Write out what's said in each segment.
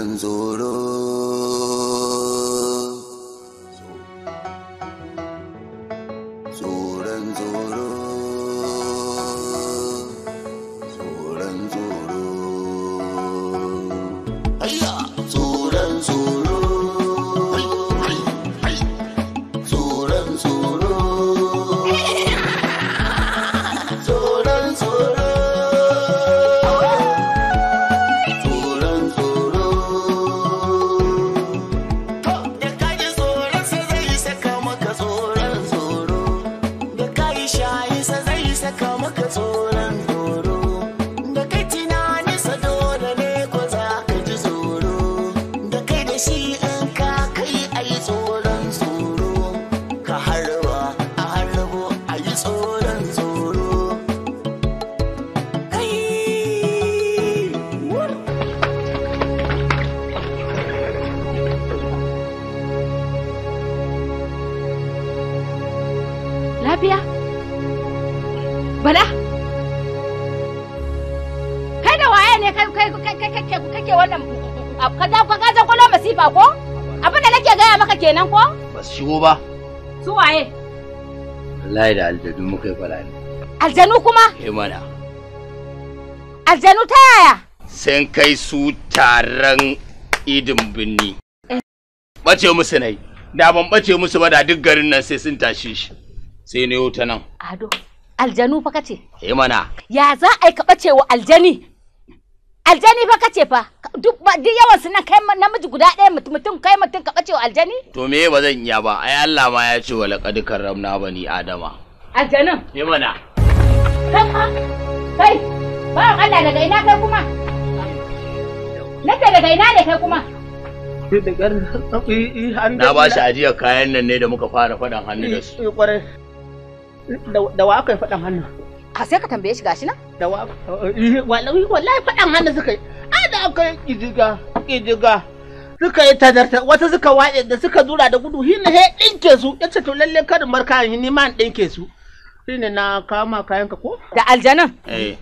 تنظرون wallahi da aljanu mu kai fara ne aljanu kuma eh mana aljanu ta yaya sun kai su taron idin binni bace musu nai da ban bace musu ba da duk garin nan sai sun tashi shi sai ne ta nan ado aljanu fa kace eh mana ya za a yi ka bace wa aljani aljani fa kace fa duk yawan su nan kai namiji guda ɗaya mutum kai mutum ka bace aljani to me ba zan iya ba ai Allah ma ya ce wa laqad karramna bani adama aljanin me mana kai ba Allah daga ina kai kuma Na ta daga ina ne kai kuma na ba shi ajiyar kayan nan ne da muka fara faɗan hannu da su eh, da wa aka yi faɗan hannu a ah, sai ka tambaye shi gashi nan da eh, wallahi wallahi faɗan hannu suka yi a da aka yi kijiga kijiga suka yi tadarta wata suka waɗe da suka zura da gudu hinna he ɗinke su ya ce to lalle karin marka yin ni ma ɗinke su shine na kama kayan ka ko da aljanan eh.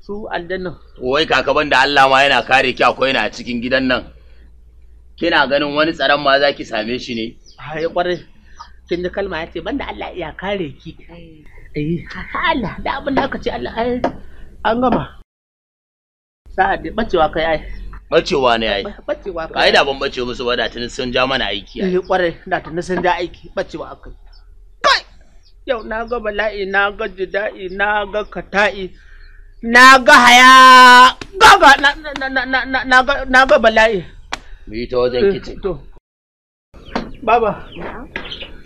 su aljanan wai kakaban da Allah ma yana kare ki akwai na cikin gidan nan kina ganin wani tsaron ma za ki same shi ne ai kwarai kin ji kalma ya ce banda Allah ya kare ki eh, eh Allah da abin da aka ce Allah ai an gama sa'ad da bacewa kai ai bacewa ne ai bacewa kai da ban bace musu ba da tuni sun ja mana aiki eh kwarai da tuni sun ja aiki bacewa akai kai yau na ga bala'i na ga jida'i na ga kata'i na ga haya gaga na na na na na ga bala'i mu yi ta wajen eh, kicin baba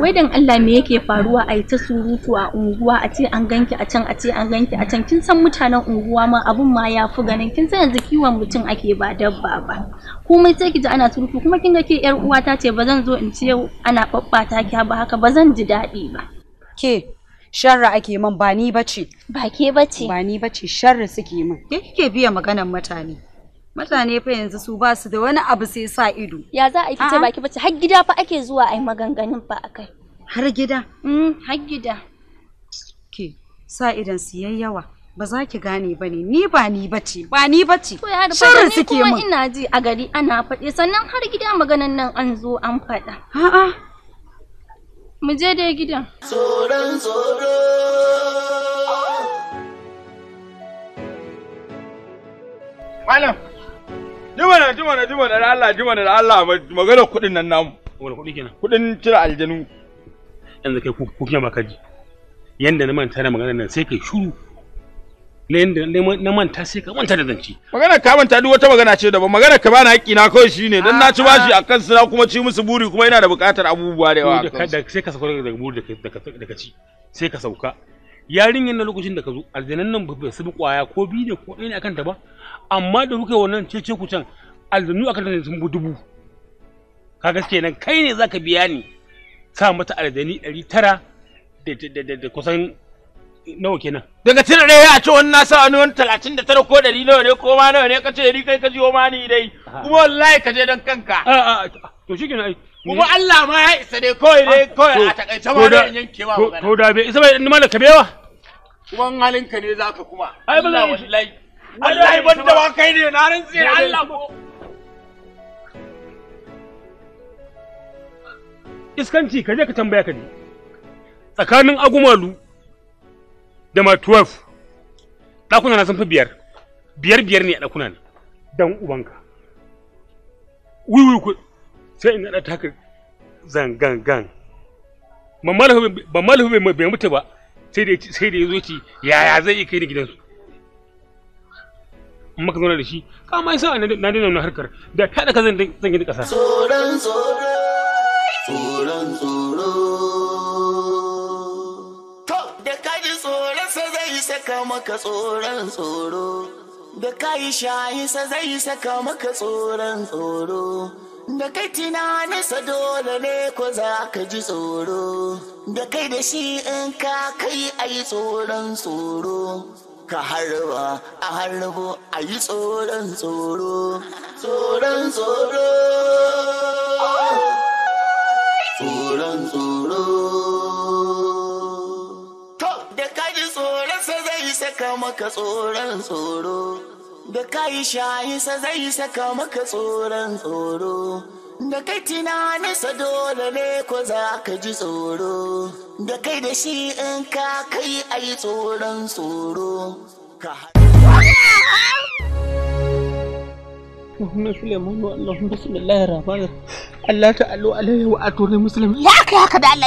wai dan Allah me yake faruwa a yi ta surutu a unguwa a ce an ganki a can a ce an ganki a can kin san mutanen unguwa ma abun ma ya fi ganin kin san yanzu kiwon mutum ake ba dabba ba komai sai ki ana surutu kuma kin ga ke yar uwata ce ba zan zo in ce ana babbata ki ba haka ba zan ji daɗi ba ke sharra ake min ba ni bace ba ke bace ba ni bace sharri suke min ke kike biya maganar mutane mutane fa yanzu su ba su da wani abu sai sa ido ya za a yi fice baki bace har gida fa ake zuwa ai maganganun fa akai har gida mm har gida ke sa idan su yayyawa ba za ki gane ba ne ni ba ni bace ba ni bace shirin suke mun kuma ina ji a gari ana faɗe sannan har gida maganan nan an zo an faɗa a'a mu je dai gidan tsoron tsoro malam jimana jimana jimana da Allah jimana da Allah magana kuɗin nan namu wani kuɗi kenan kuɗin cire aljanu yanzu kai ku kiyama kaji yanda na manta da magana nan sai kai shuru na manta sai ka manta da zanci magana ka manta duk wata magana ce daban magana ka bani haƙƙi na kawai shine dan na ci bashi akan su na kuma ci musu buri kuma ina da buƙatar abubuwa da yawa sai ka sauka daga buri da ka ci sai ka sauka yarinyar na lokacin da ka zo aljanan nan ba su bi kwaya ko biyu ne ko ɗaya ne akan ta ba amma da kuka yi wannan cece ku can aljanu akan ta sun bi dubu ka gaske nan kai ne zaka biya ni sa mata aljani ɗari tara da kusan nawa kenan daga tun ɗaya a ce wani nasa wani wani talatin da tara ko ɗari nawa ne ko ma nawa ne ka ce ɗari kai ka ji ma ni dai kuma wallahi ka je don kanka to shi kenan ai kuma Allah ma ya isa dai kawai dai ah, kawai a takaice ma da yankewa ko da bai isa bai ni ma da bewa Uban halinka ne za ka kuma. Ai ba zai Allah ya ban da kai ne na rantse Allah ko. Iskanci ka je ka tambaya ka ne. Tsakanin agumalu da ma 12 ɗakuna na sun fi biyar. Biyar biyar ne a ɗakuna ne. Dan ubanka. Wiwi ku sai in naɗa taka zangangan. Ba malhu bai mutu ba. sai da ya zo yazo ci yaya zai yi kai da gidansu in maka zauna da shi ka ma yasa na dina wannan harkar da ta da ka zan zan gidi kasa tsoron tsoro tsoron tsoro to da ka ji tsoron sa zai saka maka tsoron tsoro da ka yi shayi sa zai saka maka tsoron tsoro da kai sa dole ne ko za ka ji tsoro da kai da shi in ka kai a yi tsoron tsoro ka harba a harbo a yi tsoron tsoro tsoron tsoro tsoron tsoro to da ka tsoron sa zai saka maka tsoron tsoro da kai sa zai saka maka tsoron tsoro da kai tunaninsa dole ne ko za ka ji tsoro da kai da shi in ka kai a yi tsoron tsoro ka Allah ya da Allah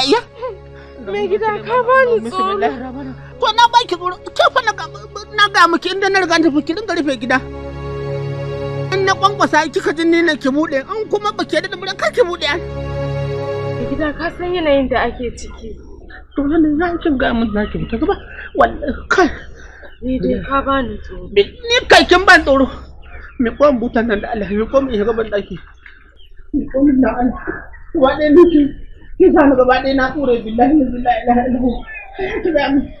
ya me gida ka tsoro to na baki tsoro ke fa na ga miki inda na riga tafi ki dinga rufe gida in na kwankwasa kika jin ni na ki bude in kuma ba ke da mura kar ki bude an gida ka san yanayin da ake ciki to wannan za ki ga mun za ki fita gaba wallahi kai ni dai ka bani tsoro ni kai kin ban tsoro me kwan butan nan da Allah me kwan me gaban daki me kwan da an wa dai ni ki ki sanu gaba dai na tsore billahi billahi la ilaha illallah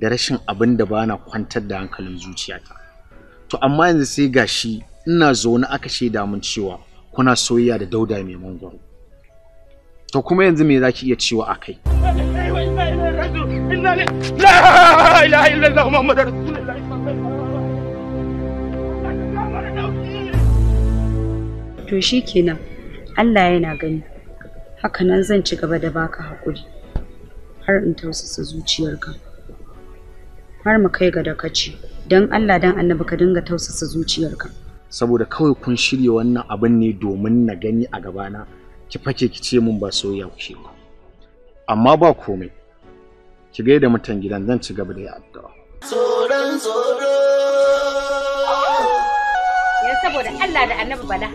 da rashin abin da bana kwantar da hankalin zuciyata to amma yanzu sai gashi ina zaune aka shaida mun cewa kuna soyayya da dauda mai mangwaro to kuma yanzu me zaki iya cewa a kai to shi kenan allah yana gani hakanan zan ci gaba da baka haƙuri har in tausasa zuciyarka har mu kai ga dakaci don Allah don annabi ka dinga tausasa zuciyarka saboda kawai kun shirya wannan abin ne domin na gani a gabana ki fake ki ce mun ba soyayya kuke ba amma ba komai ki ga da mutan gidan zan ci gaba da yi addu'a tsoron tsoro ya saboda Allah da annabi bala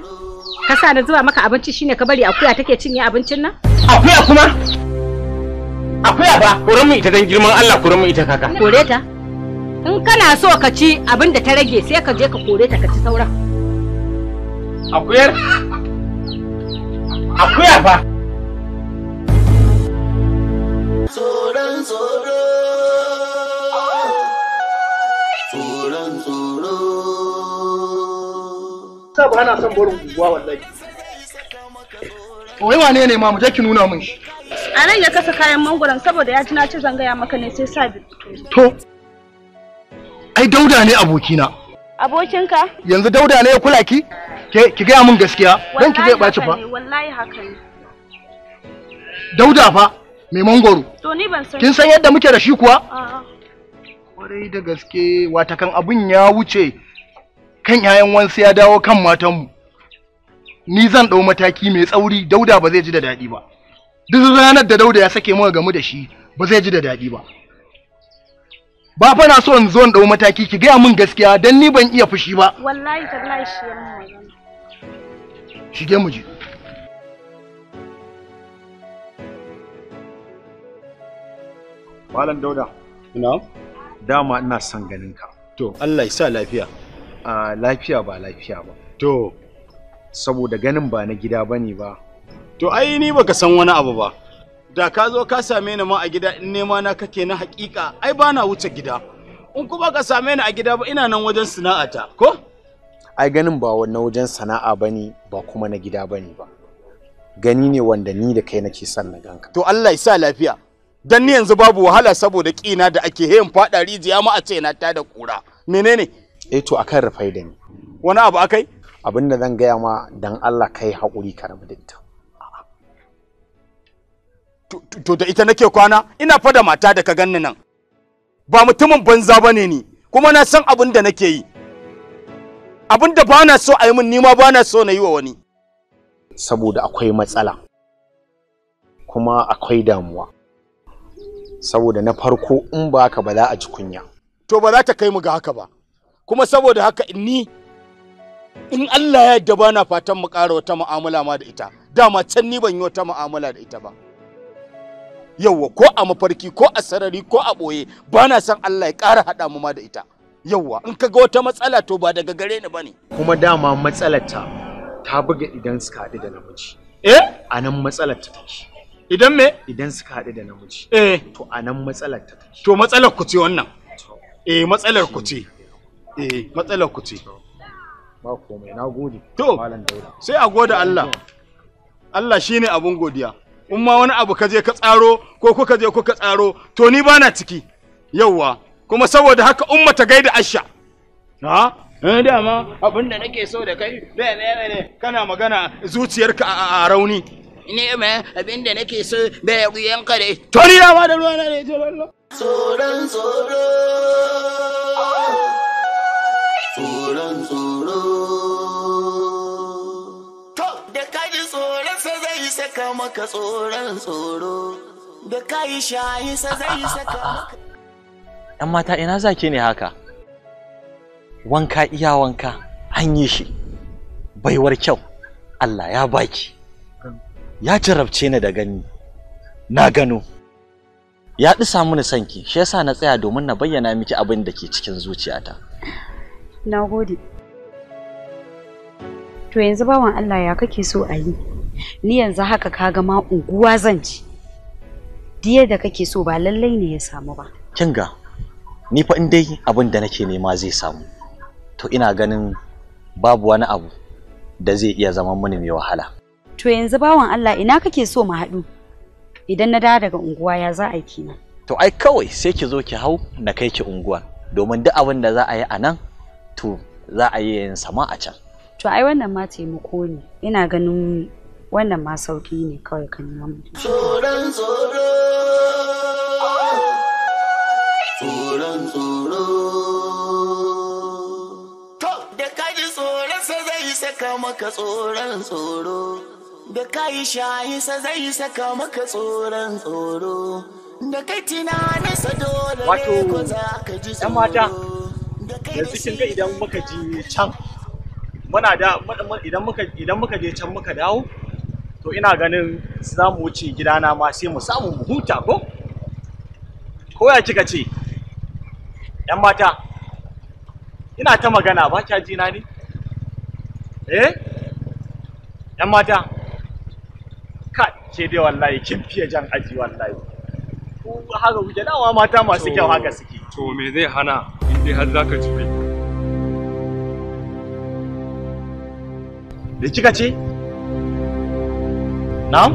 ka sa da zuba maka abinci shine ka bari akuya take cinye abincin nan akuya kuma akuya ba kurin ita dan girman Allah kurin ita kaka kore ta in kana so ka ci abin da ta rage sai ka je ka kore ta ka ci sauran akuyar akuya fa tsoron tsoro tsoron sa ba na son barin guguwa wallahi wai wane ne ma mu je ki nuna min shi a nan ya kasa kayan mangoron saboda ya ji na ci zanga ya maka ne sai sa to ai dauda ne abokina abokinka yanzu dauda ne ya kula ki ki gaya min gaskiya don ki zai baci fa wallahi haka ne dauda fa mai mangoro to ni ban san kin san yadda muke da shi kuwa kwarai da gaske watakan abin ya wuce kan 'ya'yan wansu ya dawo kan matanmu ni zan ɗau mataki mai tsauri dauda ba zai ji da daɗi ba duk ranar da dauda ya sake mu gamu da shi ba zai ji da daɗi ba ba fa na so in zo in dau mataki ki gaya min gaskiya dan ni ban iya fushi ba wallahi tallahi shi ya magana shige mu je Malam Dauda. Ina? Dama ina son ganin ka. To, Allah ya sa lafiya. A lafiya ba lafiya ba. To, saboda ganin ba na gida bane ba. To, ai ni baka san wani abu ba. da ka zo ka same ni ma a gida in nema na kake na hakika ai ba na wuce gida in kuma ka same ni a gida ba ina nan wajen sana'a ta, ko ai ganin ba wannan wajen sana'a bane ba kuma na gida bane ba gani ne wanda ni da kai nake son na ganka to Allah ya sa lafiya dan ni yanzu babu wahala saboda kina da ake yin fada rijiya ma a ce na ta da kura menene eh to akan rufai da ni wani abu akai Abin da zan gaya ma dan Allah kai haƙuri ka rabu da ita to da ita nake kwana ina fada mata da ka ganni nan ba mutumin banza bane ni kuma na san abin da nake yi abin da bana so a yi min nima bana so na yi wa wani saboda akwai matsala kuma akwai damuwa saboda na farko in ba haka ba za a ji kunya to ba za ta kai mu ga haka ba kuma saboda haka ni in Allah ya yarda bana fatan mu ƙara wata mu'amala ma da ita dama can ni ban yi wata mu'amala da ita ba yauwa ko a mafarki ko a sarari ko a ɓoye ba na son Allah ya ƙara haɗa mu ma da ita yauwa in ka ga wata matsala to ba daga gare ni bane kuma dama matsalar ta ta buga idan suka haɗu da namiji eh Anan matsalar ta tashi idan me idan suka haɗu da namiji eh to anan matsalar ta tashi to matsalar ku ce wannan eh matsalar ku ce eh matsalar ku ce ba komai nagode to sai a gode Allah Allah shine abun godiya in ma wani abu ka je ka tsaro ko kuka je kuka tsaro to ni bana ciki yauwa kuma saboda haka umma ta gaida asha ha eh dama abin da nake so da kai da me ne kana magana zuciyarka a rauni ne ma abin da nake so da ya guyen kare to ni dama da ruwa na ne to Allah tsoron tsoro tsoron tsoro saka maka tsoron tsoro da kai shayi sa zai saka maka ɗan mata ina zaki ne haka wanka iya wanka an yi shi baiwar kyau Allah ya baki ya jarabce ni da gani na gano ya ɗi samu sanki shi yasa na tsaya domin na bayyana miki abin da ke cikin zuciyata na to yanzu bawan Allah ya kake so a yi ni yanzu haka kaga ma unguwa zan ci diya da kake so ba lallai ne ya samu ba kinga ni fa indai abin da nake nema zai samu to ina ganin babu wani abu da zai iya zama mini mai wahala to yanzu bawan Allah ina kake so mu haɗu idan na dawo daga unguwa ya za a yi kina to ai kawai sai ki zo ki hau na kai ki unguwa domin duk abin da za a yi a nan to za a yi yin sama a can to ai wannan ma taimako ne ina ganin wannan ma sauki ne kawai yi nema mutum tsoron tsoro tsoron tsoro to da ka ji tsoron sa zai yi saka maka tsoron tsoro da ka yi shayi sa zai yi saka maka tsoron tsoro da kai tunaninsa dole ne ko za ka ji tsoro yanzu kin ga idan muka je can muna da idan muka je can muka dawo to ina ganin za mu wuce gidana ma sai mu samu mu huta ko ko ya kika ce yan mata ina ta magana ba kya ji na ne eh yan mata ka ke dai wallahi kin fiye jan aji wallahi ko haka kuke dawa mata masu kyau haka suke to me zai hana in dai har zaka ci da kika ce Naam?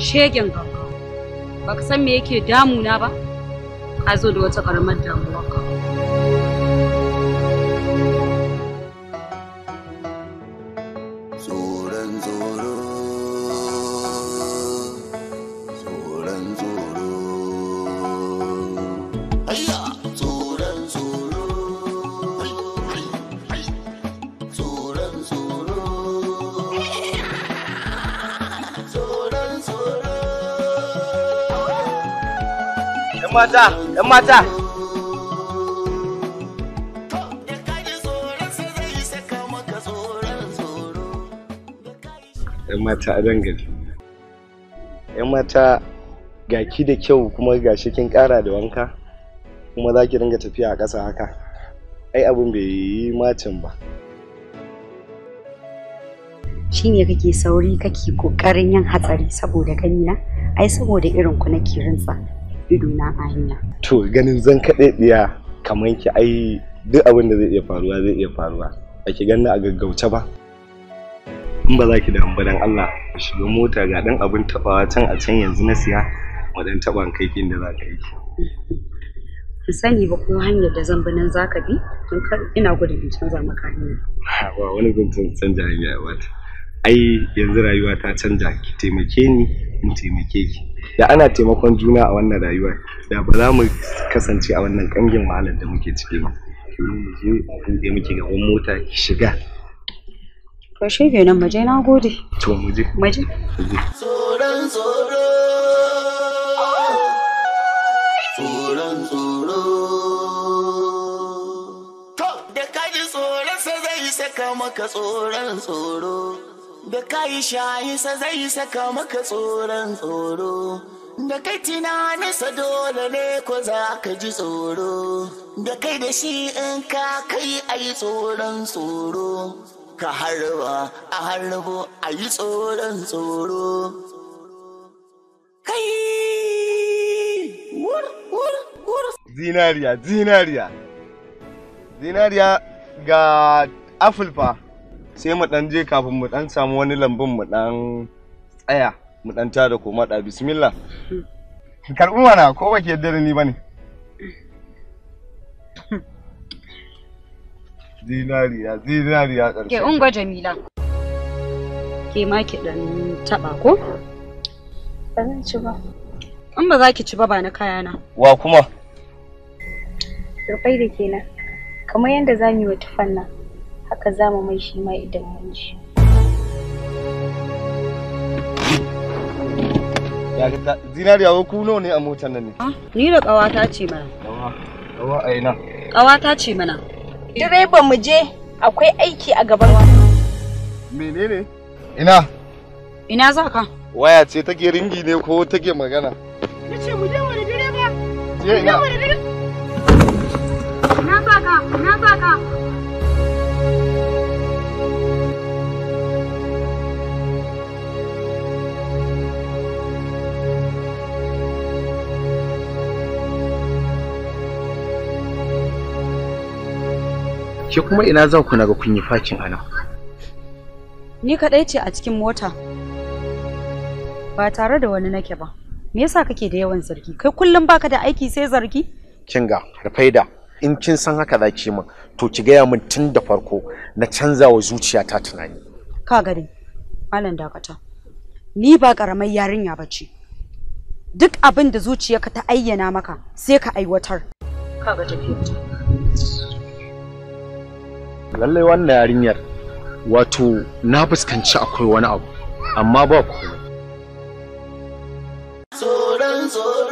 Shegen gaggawa, ba ka san me yake damuna ba? Ka zo da wata ƙaramar damuwa ka. 'yan mata, 'yan mata. ‘Yan a ‘Yan mata ga da kyau kuma ga kin ƙara da wanka kuma za ki dinga tafiya a ƙasa haka. Ai abin bai yi macin ba. Shi ne kake sauri kake ƙoƙarin yin hatsari saboda ganina? Ai saboda irin ku nake rintsa. idona a hanya to ganin zan kaɗe ɗiya kamar ki ai duk abin da zai iya faruwa zai iya faruwa ba ki ganna a gaggauce ba in ba za ki damu ba Allah ki shiga mota ga dan abin tabawa can a can yanzu na siya wa ɗan taban kai kin da za ka yi ki sani ba kuma hanyar da zan bi nan za ka bi Tun kar ina gudun in canza maka hanya ba wani zan canza hanya ba ta ai yanzu rayuwa ta canza ki taimake ni in taimake ki da ana taimakon juna a wannan rayuwar da ba za mu kasance a wannan kangin wahalar da muke ciki ba ki mu je a buɗe muke gaban mota ki shiga to shi kenan mu je na gode to mu je mu je tsoron tsoro tsoron tsoro to da kaji tsoron sai zai saka maka tsoron tsoro da kai sa zai saka maka tsoron tsoro da kai sa dole ne ko za ka ji tsoro da kai da shi in ka kai a yi tsoron tsoro ka harba a harbo a yi tsoron tsoro kai wur wur wur zinariya zinariya zinariya ga afulfa sai mu dan je kafin mu dan samu wani lambun mu dan tsaya mu dan tada ko mada bismillah karbi mana ko baki yadda da ni bane zinariya zinariya karshe ke ungwa jamila ke ma ki dan taba ko ba zan ci ba in ba za ki ci ba ba na kaya na. wa kuma Turfai da kenan kamar yadda za mu yi wa tufan nan haka za mu mai shi ma idan mun ji zinariya ko kuno ne a motar nan ne ah, ni da ƙawata ce mana ƙawa a ina ƙawata ce mana direban mu je akwai aiki a gaban wa menene ina ina za ka waya ce take ringi ne ko take magana na ce mu je wani direba je ina na baka na baka Ke kuma ina za ku naga kun yi fakin ana? Ni kaɗai ce a cikin mota. Ba tare da wani nake ba. Me yasa kake da yawan zargi? Kai kullum baka da aiki sai zargi? Kinga, Rafaida, in kin san haka za ki min, to ki gaya min tun da farko na canza wa zuciya ta tunani. Ka gani, Malam dakata. Ni ba karamar yarinya ba ce. Duk abin da zuciyarka ta ayyana maka sai ka aiwatar. Ka ga tafiya lallai wannan yarinyar wato na fuskanci akwai wani abu amma ba ku tsoron tsoro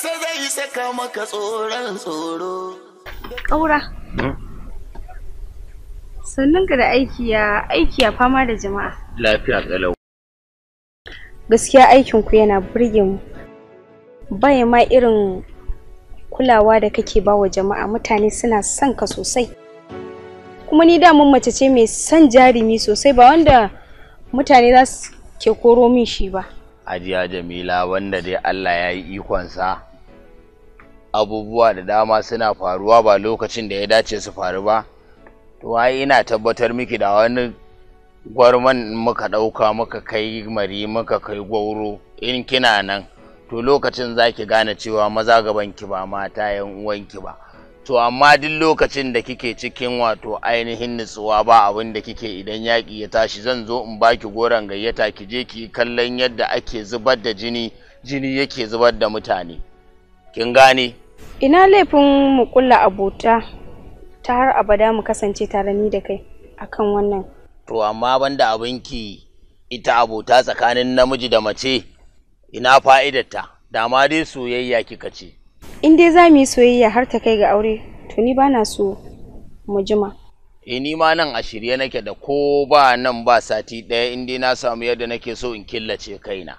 zai saka maka tsoron ƙaura sannan ka da aiki ya fama da jama'a lafiya galau. gaskiya aikin ku yana burge mu bai ma irin kulawa da kake ba wa jama'a mutane suna son ka sosai kuma ni da mun mace ce mai son jarumi sosai ba wanda mutane za su ke koro min shi ba ajiya jamila wanda dai Allah ya yi ikonsa abubuwa da dama suna faruwa ba lokacin da ya dace su faru ba to ai ina tabbatar miki da wani gwarman muka ɗauka muka kai mari muka kai gwauro in kina nan to lokacin za ki gane cewa maza gaban ki ba mata yan uwanki ba to amma duk lokacin da kike cikin wato ainihin nutsuwa ba abin da kike idan yaki ya tashi zan zo in baki goron gayyata ki je ki kallon yadda ake zubar da jini jini yake zubar da mutane kin gane ina laifin mu kulla abota ta har abada mu kasance tare ni da kai akan wannan to amma banda abinki ita abota tsakanin namiji da mace ina fa'idarta da ma dai soyayya kika ce in dai za mu yi soyayya har ta kai ga aure to ni ba na so mu jima e ni ma nan a shirye nake da ko ba nan ba sati ɗaya in dai na samu yadda nake so in killace kaina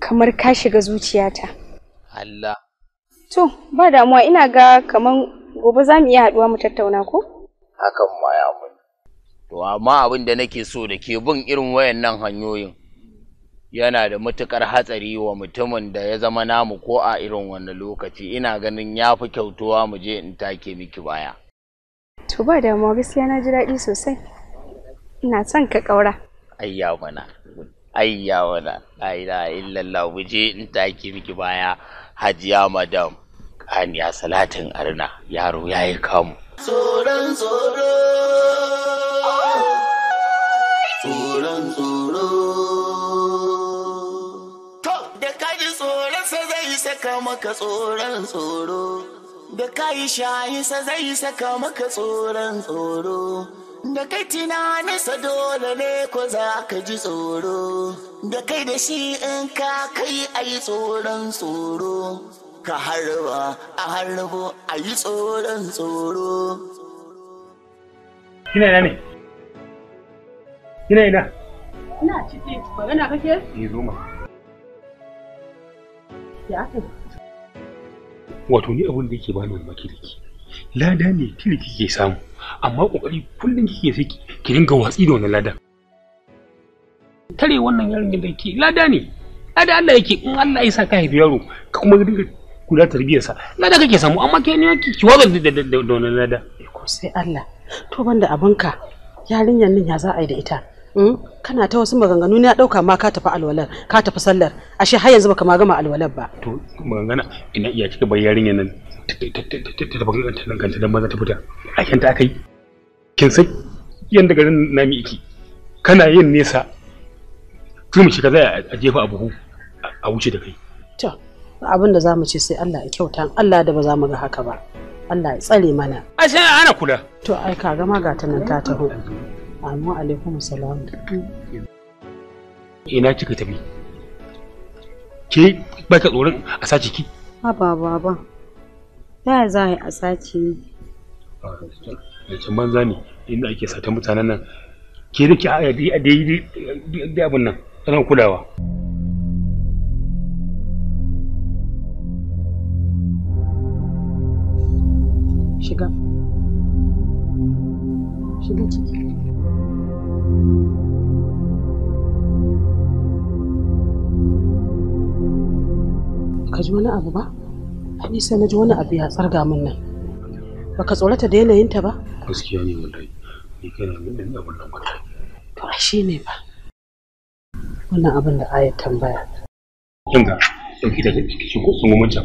kamar ka shiga zuciyata Allah to ba damuwa ina ga kamar gobe za mu iya haɗuwa mu tattauna ko hakan ma ya to amma abin da nake so da ke bin irin wayannan hanyoyin yana da matukar hatsari wa mutumin da ya zama namu ko a irin wannan lokaci ina ganin ya fi kyautuwa mu je in take miki baya to ba damuwa gaskiya na ji daɗi sosai ina son ka ƙaura ayya mana ayya mana ayya illallah mu je in take miki baya hajiya madam kaniya salatin arna yaro yayi kamu tsoron tsoro tsoron tsoro to da ka ji sa zai saka maka tsoron tsoro da ka yi shayinsa zai saka maka tsoron tsoro da kai tunaninsa dole ne ko za ka ji tsoro da kai da shi in ka kai ayi tsoron tsoro ka harba a harbo a yi tsoron tsoro. Kina ina ne? Kina ina? Ina ciki, magana kake? Eh zo ma. Ya aka Wato ni abin da yake bani wani makiliki, Lada ne kiri kike samu, amma kokari kullum kike sai ki dinga watsi da wannan ladan. Tare wannan yaron da ke lada ne. Lada Allah yake in Allah ya sa ka haifi yaro ka kuma dinga kula tarbiyarsa lada kake samu amma ke ne ki wazan da wannan lada ko sai Allah to banda abinka yarinyar nan ya za a yi da ita hmm? kana ta wasu maganganu ne ya dauka ma ka tafi alwalar ka tafi sallar ashe har yanzu baka ma gama alwalar ba to magana ina iya kika bar yarinyar nan ta tafi kanta nan kanta dan maza ta fita aikin ta akai kin san yanda garin nami iki kana yin nesa tumi shi ka zai a jefa a buhu a wuce da kai to abin da za mu ce sai Allah ya kyauta Allah da ba za mu ga haka ba Allah ya tsare mana a sai ana kula to ai ka ga ga ta nan ta taho amma alaikum salam ina kika tafi ke ba ka tsoron a sace ki ha ba ba ba ta za a sace ni da can banza ne inda ake sata mutanen nan ke da ke a daidai abin nan tsanan kulawa. shiga shiga ciki ka ji wani abu ba ni sai na ji wani abu ya tsarga min nan baka tsorata da yanayinta ba gaskiya ne wallahi ni na min din abun nan wallahi to a shi ne ba wannan abin da ayat tambaya kin ga dauki daga cikin ko sun mun can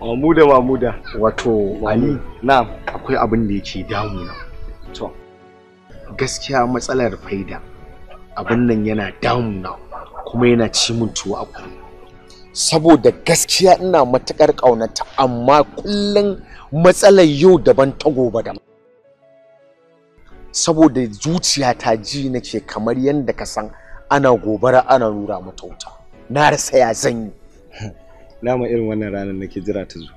mamuda mamuda wato ali na'am akwai abin da yake damu to gaskiya matsalar faida abin nan yana damu na kuma yana ci mun tuwo a saboda gaskiya ina matukar ƙaunata amma kullum matsalar yau daban ta gobe daban saboda zuciya ta ji nake kamar yadda ka san ana gobara ana nura mata na rasa ya zan nama irin wannan ranar nake jira ta zo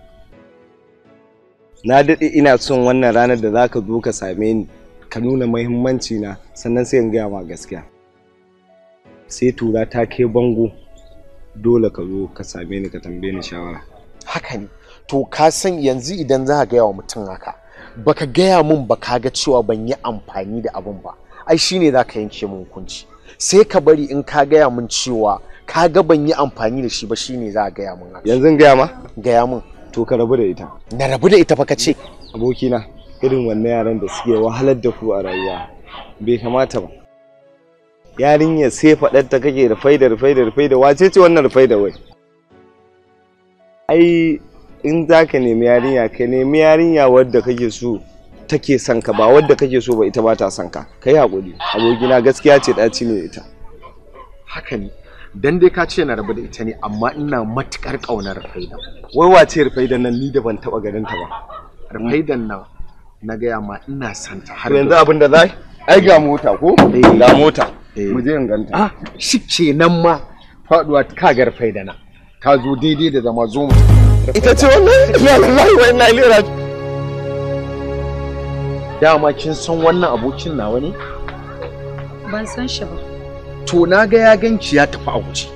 na daɗe ina son wannan ranar da zaka zo ka same ni ka nuna mahimmanci na sannan sai in gaya ma gaskiya sai tura ta ke bango dole ka zo ka same ni ka tambaye ni shawara haka ne to ka san yanzu idan za ka gaya wa mutum haka baka gaya mun ba ka ga cewa ban yi amfani da abun ba ai shine za ka yanke mun hukunci sai ka bari in ka gaya mun cewa ka ga ban yi amfani da shi ba shine za a gaya mun yanzu gaya ma gaya mun to ka rabu da ita na rabu da ita fa kace abokina irin wannan yaran da suke wahalar da ku a rayuwa bai kamata ba yarinya sai faɗar ta kake rufai da rufai da wace ce wannan rufai wai ai in za ka nemi yarinya ka nemi yarinya wadda kake so take son ka ba wadda kake so ba ita ba ta son ka kai hakuri abokina gaskiya ce ɗaci ne ita haka ne dan dai ka ce na rabu da ita ne amma ina matukar ƙaunar rufaidan wai wace rufaidan nan ni da ban taba ganin ta ba rufaidan nan na gaya ma ina son ta har yanzu abin da zai ai ga mota ko eh. ga mota eh. mu je in ganta ah shi kenan ma faduwa ka ga na. Ka zo daidai da zama zo mu ita ce wannan ya Allah wai na ilaihi dama kin san wannan abokin nawa ne ban san shi ba to na ga ya ganci ya tafi a guje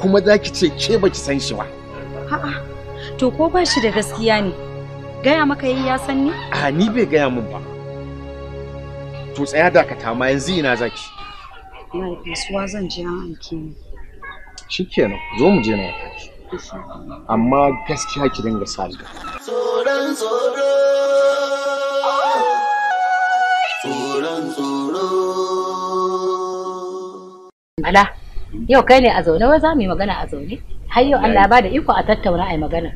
kuma za ki ce ke baki san shi ba a'a to ko ba shi da gaskiya ne gaya maka yayi ya san ni a ni bai gaya min ba to tsaya dakata ma yanzu ina zaki mai suwa zan je an aiki ni shikenan zo mu je na amma gaskiya ki dinga sa tsoron tsoro yau kai ne a zaune wai za mu yi magana a zaune har yau Allah ba da iko a tattauna a yi magana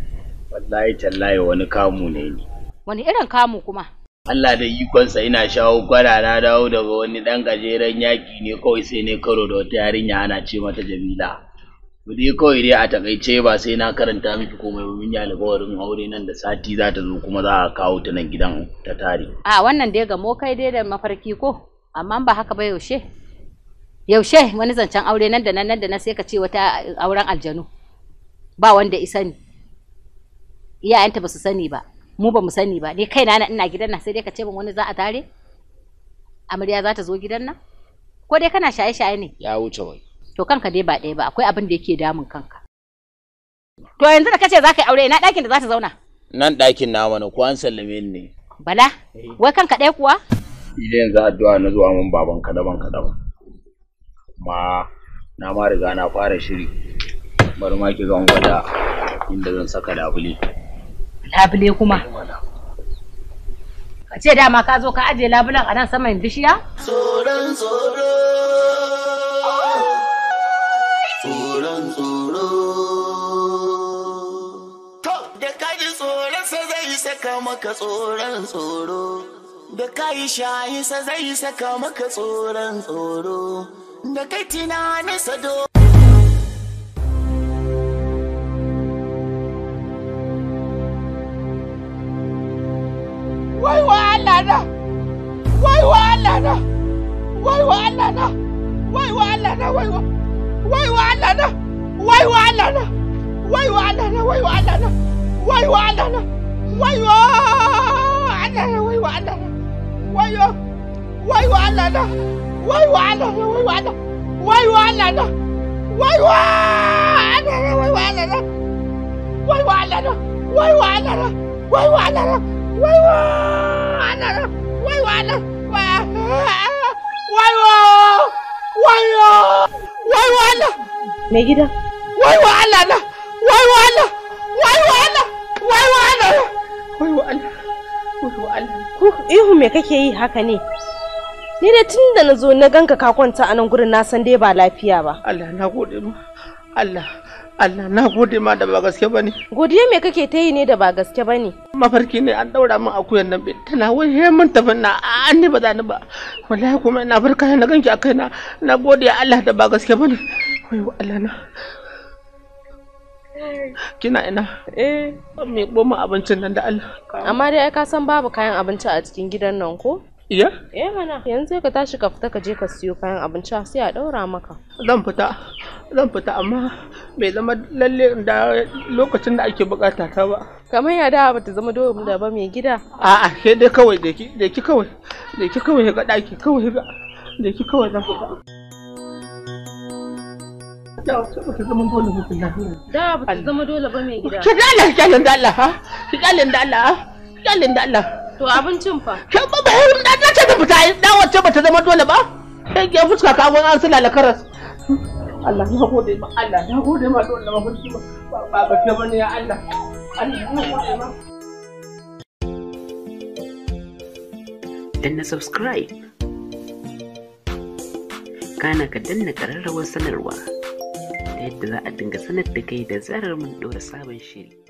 wallahi tallahi wani kamu ne ni wani irin kamu kuma Allah da ikonsa ina shawo kwana na dawo daga wani dan gajeren yaki ne kawai sai ne karo da wata yarinya ana ce mata Jamila dai kawai dai a takaice ba sai na karanta miki komai mun yi alƙawarin aure nan da sati za ta zo kuma za a kawo ta nan gidan ta tare. A wannan dai gamo kai dai da mafarki ko amma ba haka ba yaushe. yaushe wani zancen aure nan da nan nan da nan sai ka ce wata auren aljanu ba wanda isa sani. iyayenta ba su sani ba mu ba mu sani ba ni kaina na ina gidan nan sai dai ka ce min wani za a tare amarya za ta zo gidan nan ko dai kana shaye shaye ne ya wuce wai to kanka dai ba ɗaya ba akwai abin da yake damun kanka to yanzu da kace za ka yi aure ina ɗakin da za ta zauna nan ɗakin na wani ko an sallame ni ne bala eh. wai kanka ɗaya kuwa idan yanzu addu'a na zuwa mun baban kadaban kadaban kuma na ma riga na fara shiri bari ma ki zan gwada inda zan saka labule labule kuma ka ce dama ka zo ka ajiye labulen a nan saman bishiya tsoron tsoro tsoron tsoro to da ka ji tsoron sa zai saka maka tsoron tsoro da ka yi shayi sa zai saka maka tsoron tsoro da kai wai na wai wa na wai wa na wai na wai wai na wai na wai na wai na wai na wai na wai na wai na wai wa me ihu me kake yi haka ne Ni dai tun da na zo na ganka ka kwanta a nan gurin na san dai ba lafiya ba. Allah na gode ma. Allah Allah na gode ma da ba gaske bane. Godiya me kake ta yi ne da ba gaske bane? Mafarki ne an daura min akuyan nan bin tana wai he mun tafi na an ni ba za ni ba. Wallahi kuma ina farka na ganki a kaina na gode Allah da ba gaske bane. Wai Allah na. Kina ina? Eh. Me goma abincin nan da Allah. Amma dai ai ka san babu kayan abinci a cikin gidan nan ko? Iya? Eh mana, yanzu ka tashi ka fita ka je ka siyo kayan abinci sai a ɗaura maka. Zan fita, zan fita amma bai zama lalle da lokacin da ake bukata ta ba. Kamar ya da bata zama dole da ba mai gida. A'a, sai dai kawai da ki da ki kawai da ki kawai ga daki kawai ga da ki kawai zan fita. Da ba Da bata zama dole ba mai gida. Ki dalan Allah ha? Ki kyalin Allah ha? Kyalin Allah. To abincin fa? ba ba ta fita in dan wacce bata zama dole ba sai ke fuska ka gwan an sulala karas Allah na gode ma Allah na gode ma dole ma kun ba ba ta bane ya Allah Allah na gode ma danna subscribe kana ka danna kararrawar sanarwa ta yadda za a dinga sanar da kai da zarar mun ɗora sabon shiri